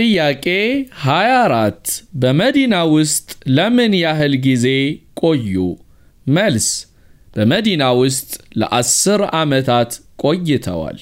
ጥያቄ 24 በመዲና ውስጥ ለምን ያህል ጊዜ ቆዩ? መልስ በመዲና ውስጥ ለአስር ዓመታት ቆይተዋል።